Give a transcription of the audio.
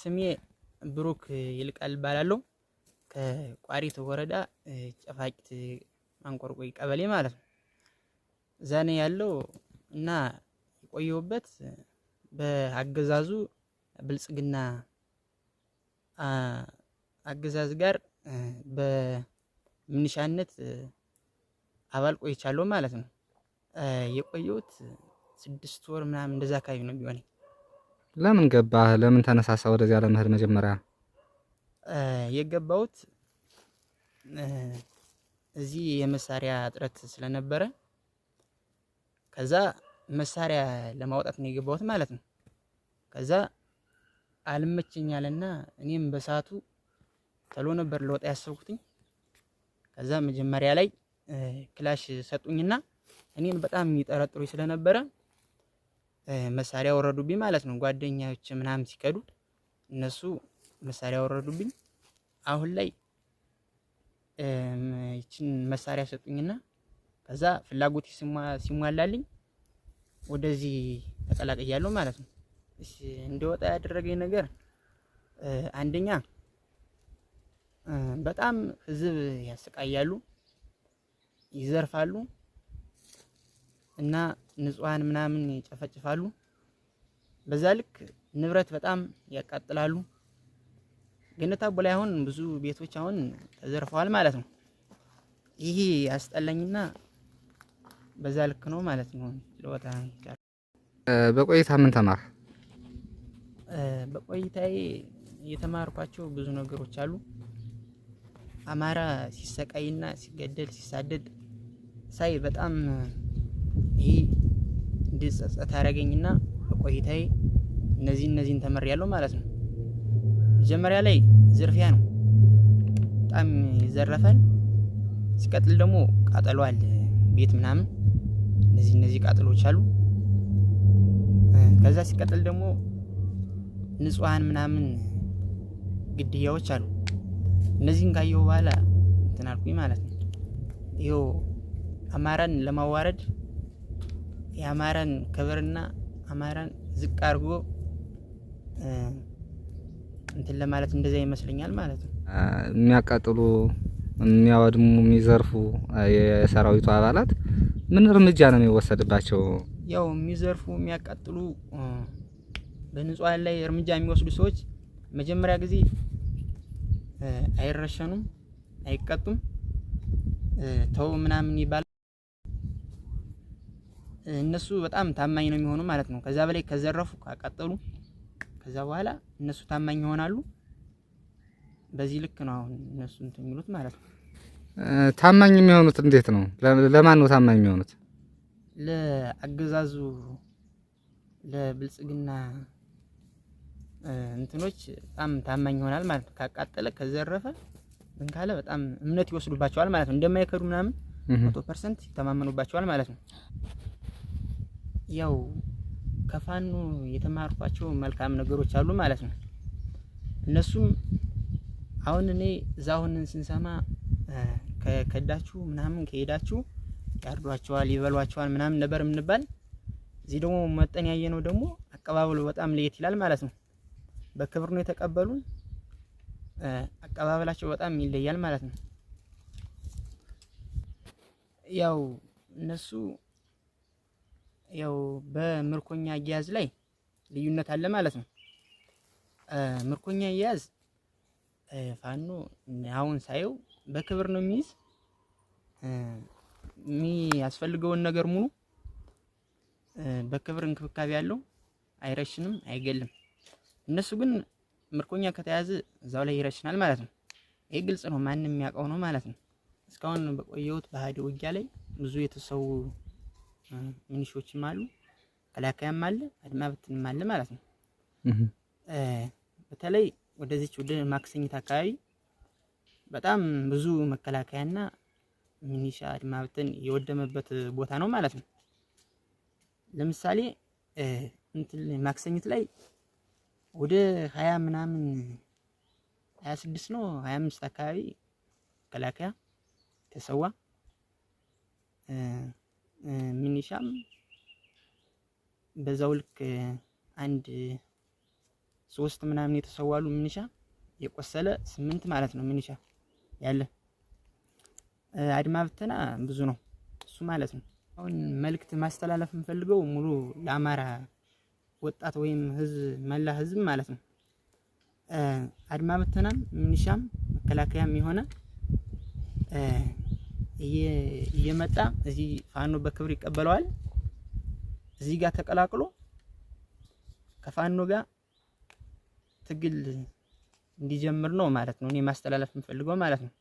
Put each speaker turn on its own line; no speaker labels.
ስሜ ብሩክ ይልቃል እባላለሁ። ከቋሪት ወረዳ ጨፋቂት ማንቆርቆይ ቀበሌ ማለት ነው። ዛኔ ያለው እና የቆየሁበት በአገዛዙ ብልጽግና አገዛዝ ጋር በምንሻነት አባል ቆይቻለሁ ማለት ነው። የቆየሁት ስድስት ወር ምናምን እንደዛ አካባቢ ነው ቢሆነኝ
ለምን ገባ? ለምን ተነሳሳ ወደዚያ ለመሄድ? መጀመሪያ
የገባሁት እዚህ የመሳሪያ እጥረት ስለነበረ ከዛ መሳሪያ ለማውጣት ነው የገባሁት ማለት ነው። ከዛ አልመቸኛልና እኔም በሰዓቱ ተሎ ነበር ለወጣ ያሰብኩትኝ። ከዛ መጀመሪያ ላይ ክላሽ ሰጡኝና እኔን በጣም የሚጠረጥሩኝ ስለነበረ መሳሪያ ወረዱብኝ ማለት ነው። ጓደኛዎች ምናምን ሲከዱ እነሱ መሳሪያ ወረዱብኝ። አሁን ላይ ይችን መሳሪያ ሰጡኝና ከዛ ፍላጎት ሲሟላልኝ ወደዚህ ተቀላቅያለሁ ማለት ነው። እንደወጣ ያደረገኝ ነገር አንደኛ በጣም ህዝብ ያሰቃያሉ፣ ይዘርፋሉ እና ንጹሃን ምናምን ይጨፈጭፋሉ። በዛ ልክ ንብረት በጣም ያቃጥላሉ። ገነት አቦ ላይ አሁን ብዙ ቤቶች አሁን ተዘርፈዋል ማለት ነው። ይሄ ያስጠላኝና በዛ ልክ ነው ማለት ነው። ለወታ
በቆይታ ምን ተማር?
በቆይታዬ የተማርኳቸው ብዙ ነገሮች አሉ። አማራ ሲሰቃይና ሲገደል ሲሳደድ ሳይ በጣም ይሄ እንድጸጸት አደረገኝና በቆይታዬ እነዚህ እነዚህን ተመር ያለው ማለት ነው። መጀመሪያ ላይ ዝርፊያ ነው፣ በጣም ይዘረፈን ሲቀጥል ደግሞ ቃጠሎ አለ፣ ቤት ምናምን፣ እነዚህ እነዚህ ቃጠሎች አሉ። ከዛ ሲቀጥል ደግሞ ንጹሐን ምናምን ግድያዎች አሉ። እነዚህን ካየሁ በኋላ እንትን አልኩኝ ማለት ነው። ይኸው አማራን ለማዋረድ የአማራን ክብርና አማራን ዝቅ አድርጎ እንትን ለማለት እንደዛ ይመስለኛል ማለት ነው።
የሚያቃጥሉ የሚያወድሙ፣ የሚዘርፉ የሰራዊቱ አባላት ምን እርምጃ ነው የሚወሰድባቸው?
ያው የሚዘርፉ፣ የሚያቃጥሉ በንጹሐን ላይ እርምጃ የሚወስዱ ሰዎች መጀመሪያ ጊዜ አይረሸኑም፣ አይቀጡም፣ ተው ምናምን ይባላል። እነሱ በጣም ታማኝ ነው የሚሆኑ ማለት ነው። ከዛ በላይ ከዘረፉ ካቃጠሉ፣ ከዛ በኋላ እነሱ ታማኝ ይሆናሉ። በዚህ ልክ ነው አሁን እነሱ እንትን የሚሉት ማለት ነው።
ታማኝ የሚሆኑት እንዴት ነው? ለማን ነው ታማኝ የሚሆኑት?
ለአገዛዙ ለብልጽግና እንትኖች በጣም ታማኝ ይሆናል ማለት ነው። ካቃጠለ፣ ከዘረፈ ምን ካለ በጣም እምነት ይወስዱባቸዋል ማለት ነው። እንደማይከዱ ምናምን መቶ ፐርሰንት ይተማመኑባቸዋል ማለት ነው። ያው ከፋኖ የተማርኳቸው መልካም ነገሮች አሉ ማለት ነው። እነሱም አሁን እኔ ዛሁንን ስንሰማ ከከዳችሁ ምናምን ከሄዳችሁ ያርዷቸዋል፣ ይበሏቸዋል ምናምን ነበር የምንባል። እዚህ ደግሞ መጠን ያየ ነው ደግሞ አቀባበሉ በጣም ለየት ይላል ማለት ነው። በክብር ነው የተቀበሉን። አቀባበላቸው በጣም ይለያል ማለት ነው። ያው እነሱ ያው በምርኮኛ አያያዝ ላይ ልዩነት አለ ማለት ነው። ምርኮኛ አያያዝ ፋኖ አሁን ሳየው በክብር ነው የሚይዝ የሚያስፈልገውን ነገር ሙሉ በክብር እንክብካቤ ያለው አይረሽንም፣ አይገልም። እነሱ ግን ምርኮኛ ከተያዘ እዛው ላይ ይረሽናል ማለት ነው። ይህ ግልጽ ነው፣ ማንም የሚያውቀው ነው ማለት ነው። እስካሁን በቆየሁት በሀዲ ውጊያ ላይ ብዙ የተሰው ሚኒሾችም አሉ፣ ከላካያም አለ፣ አድማ ብትንም አለ ማለት ነው። በተለይ ወደዚች ወደ ማክሰኝት አካባቢ በጣም ብዙ መከላከያና ሚኒሻ አድማ ብትን የወደመበት ቦታ ነው ማለት ነው። ለምሳሌ እንትን ማክሰኝት ላይ ወደ ሀያ ምናምን ሀያ ስድስት ነው ሀያ አምስት አካባቢ መከላከያ ተሰዋ የሚሻም በዛው ልክ አንድ ሶስት ምናምን የተሰዋሉ ምንሻ የቆሰለ ስምንት ማለት ነው። ምንሻ ያለ አድማ ብተና ብዙ ነው እሱ ማለት ነው። አሁን መልእክት ማስተላለፍ የምፈልገው ሙሉ ለአማራ ወጣት ወይም ህዝብ መላ ህዝብ ማለት ነው። አድማ ብተናም ምንሻም መከላከያም የሆነ እየመጣ እዚህ ፋኖ በክብር ይቀበለዋል። እዚህ ጋር ተቀላቅሎ ከፋኖ ጋር ትግል እንዲጀምር ነው ማለት ነው እኔ ማስተላለፍ የምፈልገው ማለት ነው።